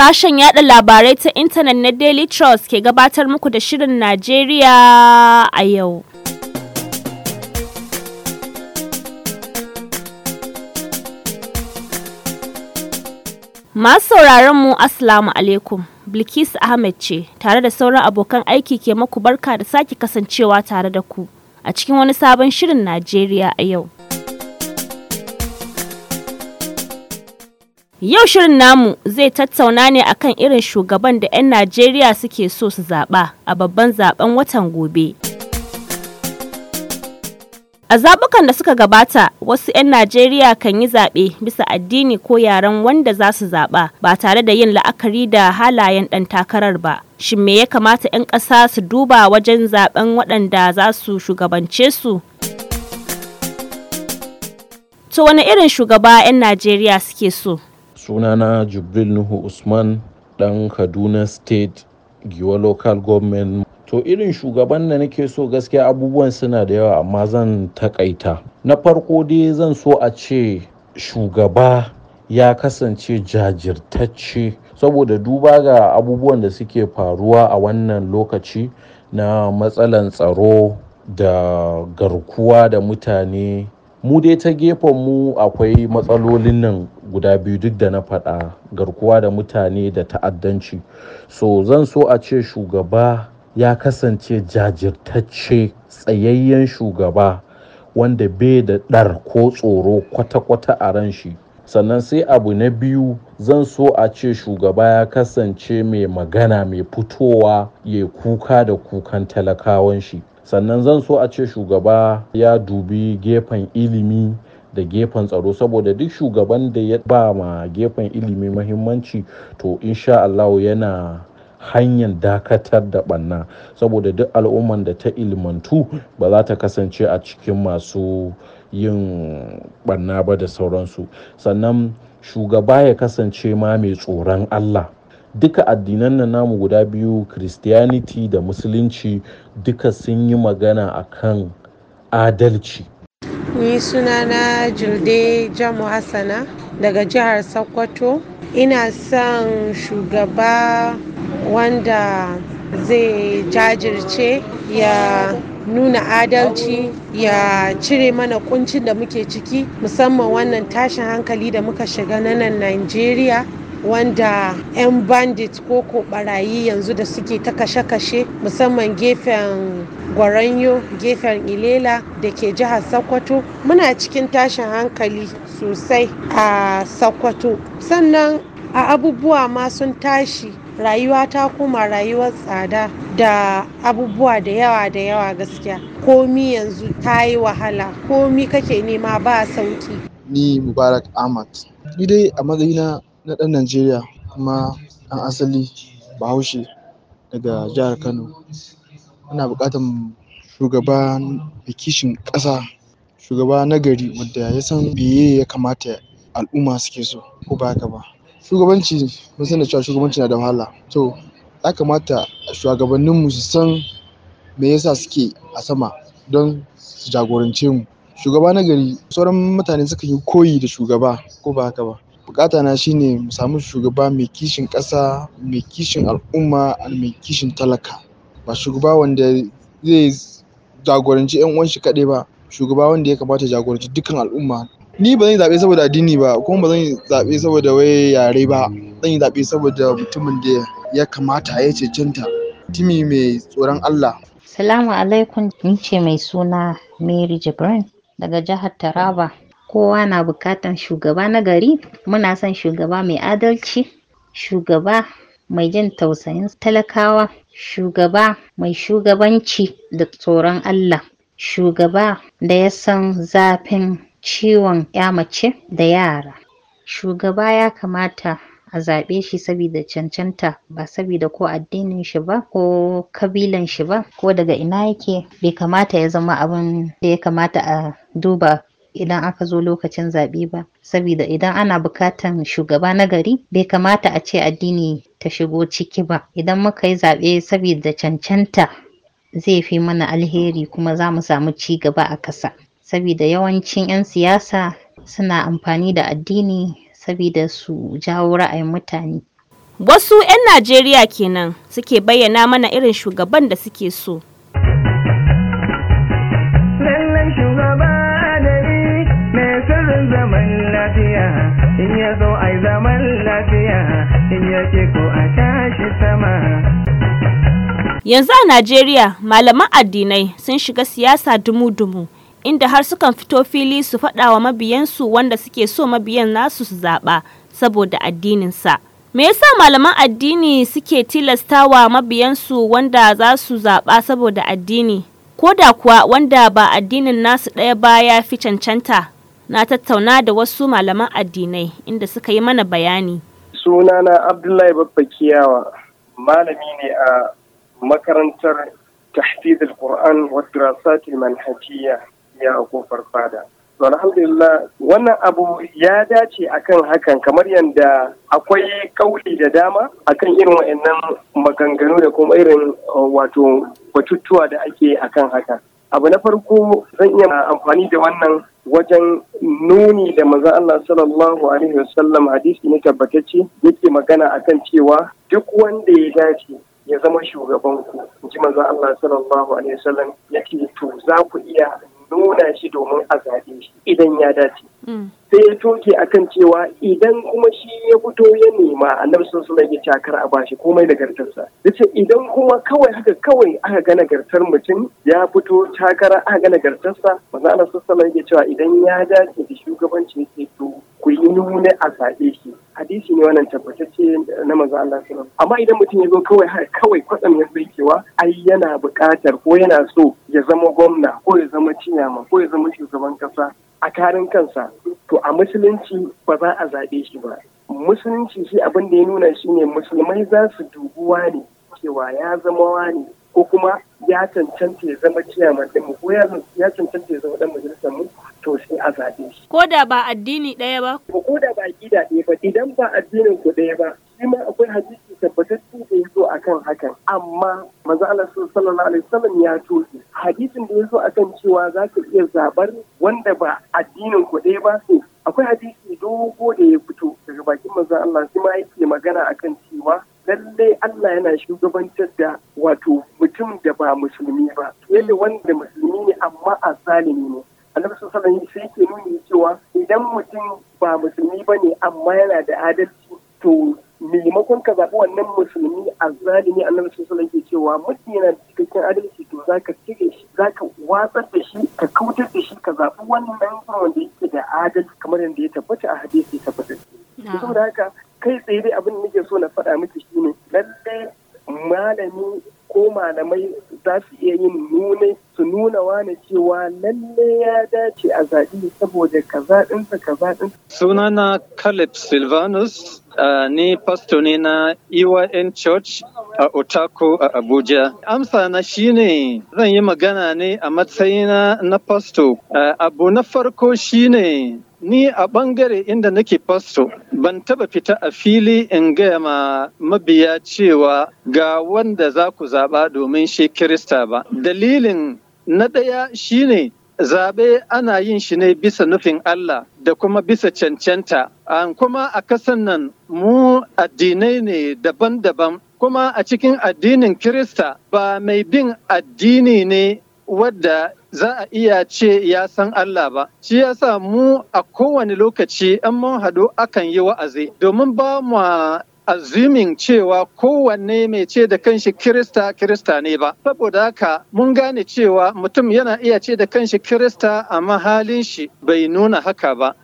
Sashen yada labarai ta intanet na Daily Trust ke gabatar muku da Shirin Najeriya a yau. Masu sauraron mu asalamu alaikum. Bilkisu Ahmed ce tare da sauran abokan aiki ke muku barka da sake kasancewa tare da ku a cikin wani sabon shirin Najeriya a yau. Yau shirin namu zai tattauna ne akan irin shugaban da 'yan Najeriya suke so su zaɓa a babban zaɓen watan gobe. A zaɓukan da suka gabata, wasu 'yan Najeriya kan yi zaɓe bisa addini ko yaren wanda za su zaɓa ba tare da yin la'akari da halayen ɗan takarar ba. Shin me ya kamata 'yan ƙasa su duba wajen zaɓen waɗanda za su shugabance su? To wani irin shugaba 'yan Najeriya suke so? sunana jibril nuhu usman ɗan kaduna state giwa local government to irin shugaban da nake so gaskiya abubuwan suna da yawa amma zan takaita na farko dai zan so a ce shugaba ya kasance jajirtacce saboda duba ga abubuwan da suke faruwa a wannan lokaci na matsalan tsaro da garkuwa da mutane mu dai ta gefen mu akwai matsalolin nan guda biyu duk da na faɗa garkuwa da mutane da ta'addanci so zan so a ce shugaba ya kasance jajirtacce tsayayyen shugaba wanda bai da ɗar ko tsoro kwata-kwata a ran shi sannan sai abu na biyu zan so a ce shugaba ya kasance mai magana mai fitowa ya kuka da kukan talakawan shi sannan zan so a ce shugaba ya dubi gefen ilimi da gefen tsaro saboda duk shugaban da ya ba ma gefen ilimi mahimmanci to insha Allah yana hanyar dakatar da banna saboda duk al'umman da ta ilmantu ba za ta kasance a cikin masu yin banna ba da sauransu sannan shugaba ya kasance ma mai tsoron Allah duka addinan nan namu guda biyu christianity da musulunci duka sun yi magana akan adalci ni sunana julde jamu hassana daga jihar sokoto ina son shugaba wanda zai jajirce ya nuna adalci ya cire mana kuncin da muke ciki musamman wannan tashin hankali da muka shiga na nan najeriya wanda 'yan bandit ko ko barayi yanzu da suke ta kashe-kashe musamman gefen gwaranyo gefen ilela da ke jihar sokoto muna cikin tashin hankali sosai a sokoto sannan a abubuwa ma sun tashi rayuwa ta kuma rayuwar tsada da abubuwa da yawa da yawa gaskiya komi yanzu ta yi wahala komi kake nema ba sauki ni mubarak ahmad ni dai a matsayina na ɗan Najeriya kuma ɗan asali Bahaushe daga jihar Kano. Ina buƙatan shugaba da kishin ƙasa, shugaba na gari wanda ya san meye ya kamata al'umma suke so ko ba haka ba. Shugabanci mun san da cewa shugabanci na da wahala. To ya kamata shugabanninmu su san me yasa suke a sama don su jagorance mu. Shugaba na gari sauran mutane sukan yi koyi da shugaba ko ba haka ba. Bukata na shine mu samu shugaba mai kishin ƙasa, mai kishin al'umma, mai kishin talaka. Ba shugaba wanda zai jagoranci 'yan uwan shi kaɗai ba, shugaba wanda ya kamata ya jagoranci dukkan al'umma. Ni ba zan yi zaɓe saboda addini ba kuma ba zan yi zaɓe saboda wai yare ba. Zan yi zaɓe saboda mutumin da ya kamata ya cancanta, mutumi mai tsoron Allah. Salamu alaikum, ni ce mai suna Mary Jibrin daga jihar Taraba. kowa na bukatan shugaba na gari muna son shugaba mai adalci shugaba mai jin tausayin talakawa shugaba mai shugabanci da tsoron Allah shugaba da ya san zafin ciwon ya mace da yara shugaba ya kamata a zaɓe shi sabida cancanta ba sabida ko addinin shi ba ko kabilan shi ba ko daga ina yake bai kamata ya zama abin da ya kamata a duba idan aka zo lokacin zaɓe ba saboda idan ana bukatan shugaba na gari bai kamata a ce addini ta shigo ciki ba idan muka yi zaɓe saboda cancanta zai fi mana alheri kuma za mu samu ci gaba a ƙasa saboda yawancin 'yan siyasa suna amfani da addini saboda su jawo ra'ayin mutane wasu 'yan najeriya kenan suke bayyana mana irin shugaban da suke so Yanzu a Najeriya malaman addinai sun shiga siyasa dumu-dumu inda har sukan fito fili su faɗa wa mabiyansu wanda suke so mabiyan nasu su zaɓa saboda addininsa. Me yasa malaman addini suke tilasta wa mabiyansu wanda za su zaɓa saboda addini? Ko da kuwa wanda ba addinin nasu ɗaya ba ya fi cancanta? Na tattauna da wasu malaman addinai inda suka yi mana bayani. Sunana Abdullahi Babba Kiyawa, malami ne a makarantar tahfiz al-Qur'an wa dirasat al-manhajiyya ya kofar fada. To alhamdulillah wannan abu ya dace akan hakan kamar yadda akwai kauli da dama akan irin wa'annan maganganu da kuma irin uh, wato batutuwa da ake akan hakan. Abu na farko zan iya amfani da wannan wajen nuni da maza Allah sallallahu Alaihi wasallam hadisi ne tabbatacce yake magana akan cewa duk wanda ya dace ya zama shugaban ku ji manzon Allah sallallahu alaihi wasallam yake to za ku iya nuna shi domin a zaɓe shi idan ya dace mm. sai ya toke akan cewa idan kuma shi ya fito ya nema annabi sun suna ya cakar a bashi komai nagartarsa ya ce idan kuma kawai haka kawai aka ga gartar mutum ya fito cakara aka gana gartarsa, manzo Allah sun suna ya cewa idan ya dace da shugabanci sai to ku yi nuna a zaɓe shi hadisi ne wannan tabbatacce na manzo Allah sallallahu amma idan mutum ya zo kawai haka kawai kwatsam ya sai cewa ai yana buƙatar ko yana so ya zama gwamna ko ya zama ciyama ko ya zama shugaban ƙasa a tarin kansa to a musulunci ba za a zaɓe shi ba musulunci shi abin da ya nuna shi ne musulmai za su duguwa ne cewa ya zama wani ko kuma ya cancanta ya zama ciyaman mu ko ya cancanta ya zama ɗan majalisar mu to sai a zaɓe shi. Ko da ba addini ɗaya ba? Ko da ba aƙida ɗaya ba idan ba addinin ku ɗaya ba shi ma akwai hadisi Tabbatar da ya zo a kan hakan amma maza Allah sallallahu alaihi wasallam ya toke hadisin da ya zo a kan cewa za ka iya zabar wanda ba addinin ku ɗaya ba su akwai hadisi dogo da ya fito daga bakin maza Allah shi ma yake magana a kan cewa lallai Allah yana shugabantar da wato mutum da ba musulmi ba yadda wanda musulmi ne amma a zalimi ne annabi sallallahu alaihi wasallam sai yake nuni cewa idan mutum ba musulmi ba ne amma yana da adalci to maimakon ka zaɓi wannan musulmi a zalimi nan sallallahu alaihi cewa mutum yana da cikakken adalci to ka cire shi ka watsar da shi ka kautar da shi ka zaɓi wannan ɗan wanda yake da adalci kamar yadda ya tabbata a hadisi tabbata saboda haka kai tsaye dai abin da nake so na faɗa miki shi ne lallai malami ko malamai za su iya yin nune su nuna wane cewa lalle ya dace a zaɓi saboda ka zaɗinsa ka zaɗinsa. Sunana Caleb Silvanus ne pasto ne na EYN Church a Otako a Abuja. Amsa na shine zan yi magana ne a matsayina na pasto. abu na farko shine ni a ɓangare inda nake pasto. ban taba fita a fili in gaya ma mabiya cewa ga wanda za ku zaɓa domin shi Kirista ba. Dalilin na ɗaya shine zaɓe ana yin shi ne bisa nufin Allah da kuma bisa cancanta. An Kuma a kasan nan mu addinai ne daban-daban kuma a cikin addinin Kirista ba mai bin addini ne wadda za a iya ce ya san Allah ba. Shi ya sa mu a kowane lokaci in mun haɗu akan yi wa'azi domin ba mu azumin cewa kowanne mai ce da kanshi Kirista Kirista ne ba. Saboda haka mun gane cewa mutum yana iya ce da kanshi Kirista amma halin shi bai nuna haka ba.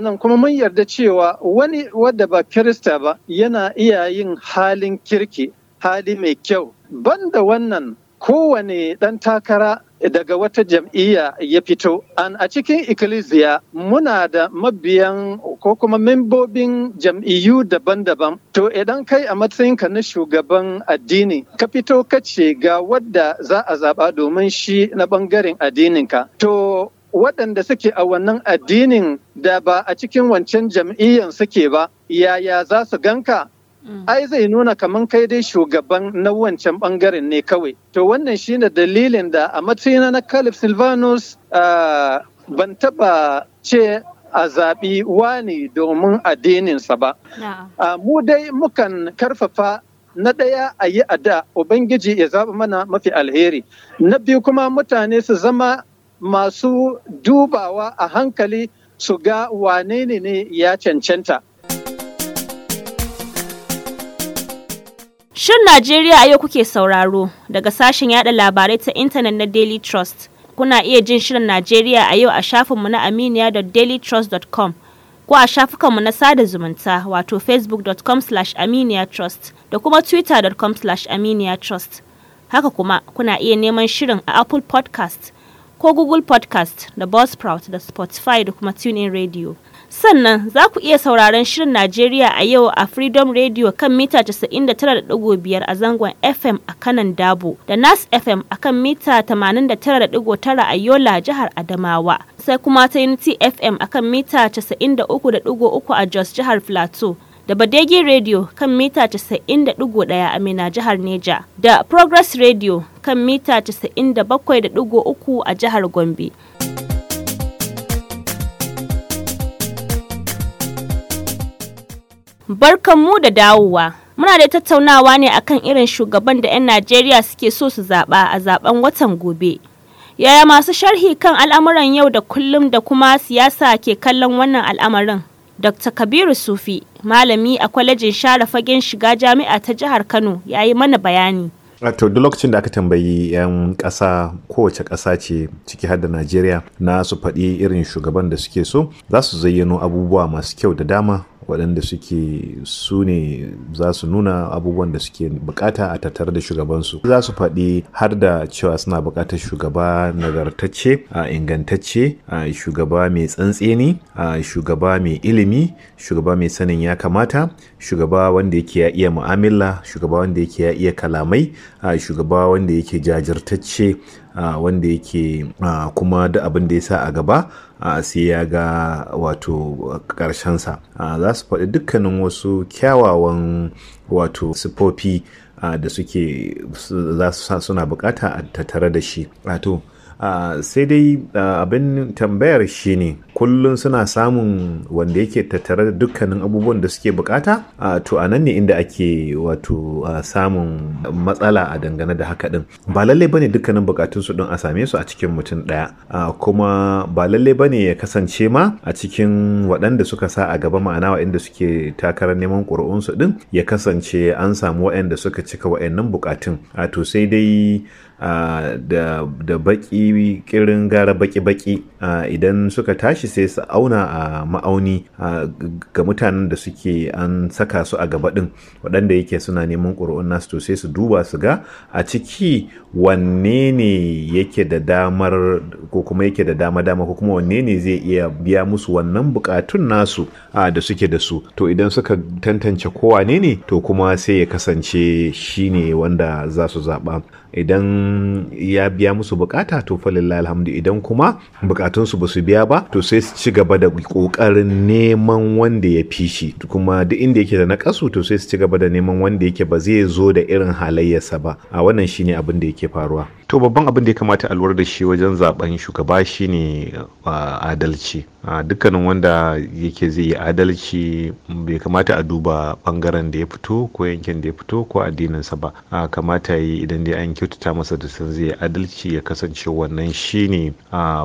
nan kuma mun yarda cewa wani wadda ba Kirista ba yana iya yin halin kirki hali mai kyau banda wannan kowane ɗan takara daga wata jam'iyya ya fito. An a cikin ikkilisiya muna da mabiyan ko kuma membobin jam'iyyu daban-daban. To idan kai a matsayinka na shugaban addini, ka fito ka ce ga wadda za a zaɓa domin shi na ɓangaren addininka. To waɗanda suke a wannan addinin da ba a cikin wancan jam'iyyan suke ba, yaya za su ganka? ai zai nuna kaman kai dai shugaban na wancan bangaren ne kawai to wannan shine dalilin da a matsayina na caliph silvanus ban taba ce a zaɓi wani domin addininsa ba mu dai mukan karfafa na ɗaya a yi a da ubangiji ya zaɓi mana mafi alheri na biyu kuma mutane su zama masu dubawa a hankali su ga wane ne ya cancanta Shin Najeriya a yau kuke sauraro daga sashen yada labarai ta intanet na Daily Trust. Kuna iya jin Shirin Najeriya a yau a shafinmu na aminiya.dailytrust.com ko a shafukanmu na sada zumunta wato facebook.com aminiya_trust da kuma twitter.com aminiya_trust. Haka kuma kuna iya neman shirin a Apple podcast ko Google podcast da Buzzsprout da Spotify da kuma TuneIn Radio. Sannan za ku iya sauraron Shirin Najeriya a yau a Freedom Radio kan mita 99.5 a zangon FM a kanan Dabo da Nas FM a kan mita 89.9 a Yola jihar Adamawa. Sai kuma ta Unity FM a kan mita 93.3 a Jos jihar Plateau. da Badegi Radio kan mita 90.1 a Mina jihar Neja da Progress Radio kan mita 97.3 a jihar Gombe. mu da dawowa. Muna da tattaunawa ne akan irin shugaban da 'yan Najeriya suke so su zaɓa a zaɓen watan gobe. Yaya masu sharhi kan al'amuran yau da kullum da kuma siyasa ke kallon wannan al'amarin? Dr. Kabiru Sufi, malami a kwalejin share fagen shiga jami'a ta jihar Kano, ya yi mana bayani. to duk lokacin da aka tambayi 'yan ƙasa kowace ƙasa ce ciki har da najeriya na su faɗi irin shugaban da suke so za su zayyano abubuwa masu kyau da dama waɗanda suke su ne za su nuna abubuwan da suke bukata a tattare da shugabansu za su faɗi har da cewa suna bukatar shugaba nagartacce a ingantacce a shugaba mai tsantseni a shugaba mai ilimi shugaba mai sanin ya kamata shugaba wanda yake ya iya mu'amala shugaba wanda yake ya iya kalamai a shugaba wanda yake jajirtacce wanda yake kuma da abin da ya sa a gaba sai ya ga wato ƙarshensa za su faɗi dukkanin wasu kyawawan wato sifofi da suke suna bukata a tattare da shi. Ah, sai dai ah, abin tambayar shi ne kullum suna samun wanda yake tattare da dukkanin abubuwan da suke bukata ah, to a nan ne inda ake wato samun matsala a dangane da haka din ba lallai bane dukkanin bukatun su din a same su a cikin mutum daya kuma ba lallai bane ya kasance ma a cikin waɗanda suka sa a gaba ma'ana waɗanda suke takarar neman ƙuri'un su din ya kasance an samu waɗanda suka cika waɗannan bukatun to sai dai da baƙi. baki kirin gara baki baki idan suka tashi sai su auna a ma'auni ga mutanen da suke an saka su a gabaɗin, waɗanda yake suna neman ƙuri'un nasu to sai su duba su ga a ciki wanne ne yake da damar ko kuma yake da dama dama ko kuma wanne ne zai iya biya musu wannan buƙatun nasu da suke da su to idan suka tantance kowa ne ne to kuma sai ya kasance shine wanda za su zaɓa idan ya biya musu buƙata to falilla alhamdu idan kuma buƙata. bukatunsu ba su biya ba to sai su ci gaba da kokarin neman wanda ya fi shi kuma duk inda yake da nakasu to sai su ci gaba da neman wanda yake ba zai zo da irin halayyarsa ba a wannan shine abin da yake faruwa to babban abin da ya kamata a lura da shi wajen zaben shugaba shine adalci dukkanin wanda yake zai yi adalci bai kamata a duba bangaren da ya fito ko yankin da ya fito ko addininsa ba a kamata yi idan dai an kyautata masa da san zai adalci ya kasance wannan shine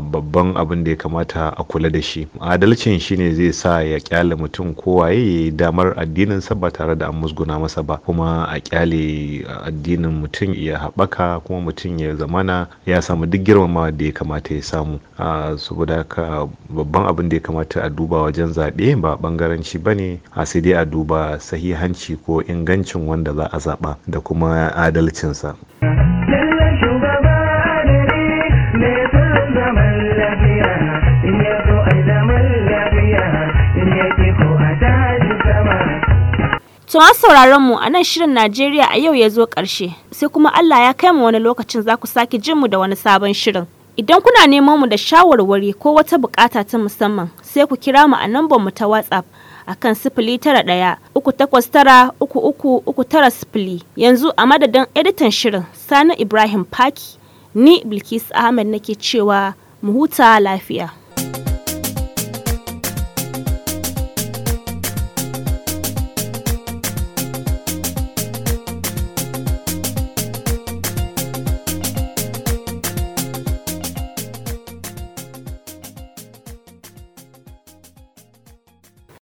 babban abin da ya kamata a kula da shi adalcin shine zai sa ya kyale mutum kowaye damar addinin sa ba tare da an musguna masa ba kuma a kyale addinin mutum ya haɓaka kuma mutum ya zamana ya samu duk girmama da ya kamata ya samu saboda haka babban abin da ya kamata a duba wajen zaɓe ba ɓangaranci ba ne a sai dai a duba sahihanci ko ingancin wanda za a zaɓa da kuma adalcinsa To an sauraron mu a nan shirin Najeriya a yau ya zo ƙarshe sai kuma Allah ya kai mu wani lokacin za ku sake jin mu da wani sabon shirin. Idan kuna neman mu da shawarwari ko wata bukata ta musamman sai ku kira mu a nambar mu ta WhatsApp akan sifili tara ɗaya uku takwas tara uku uku uku tara sifili yanzu a madadin editan shirin Sani Ibrahim paki ni Bilkisu Ahmed nake cewa mu huta lafiya.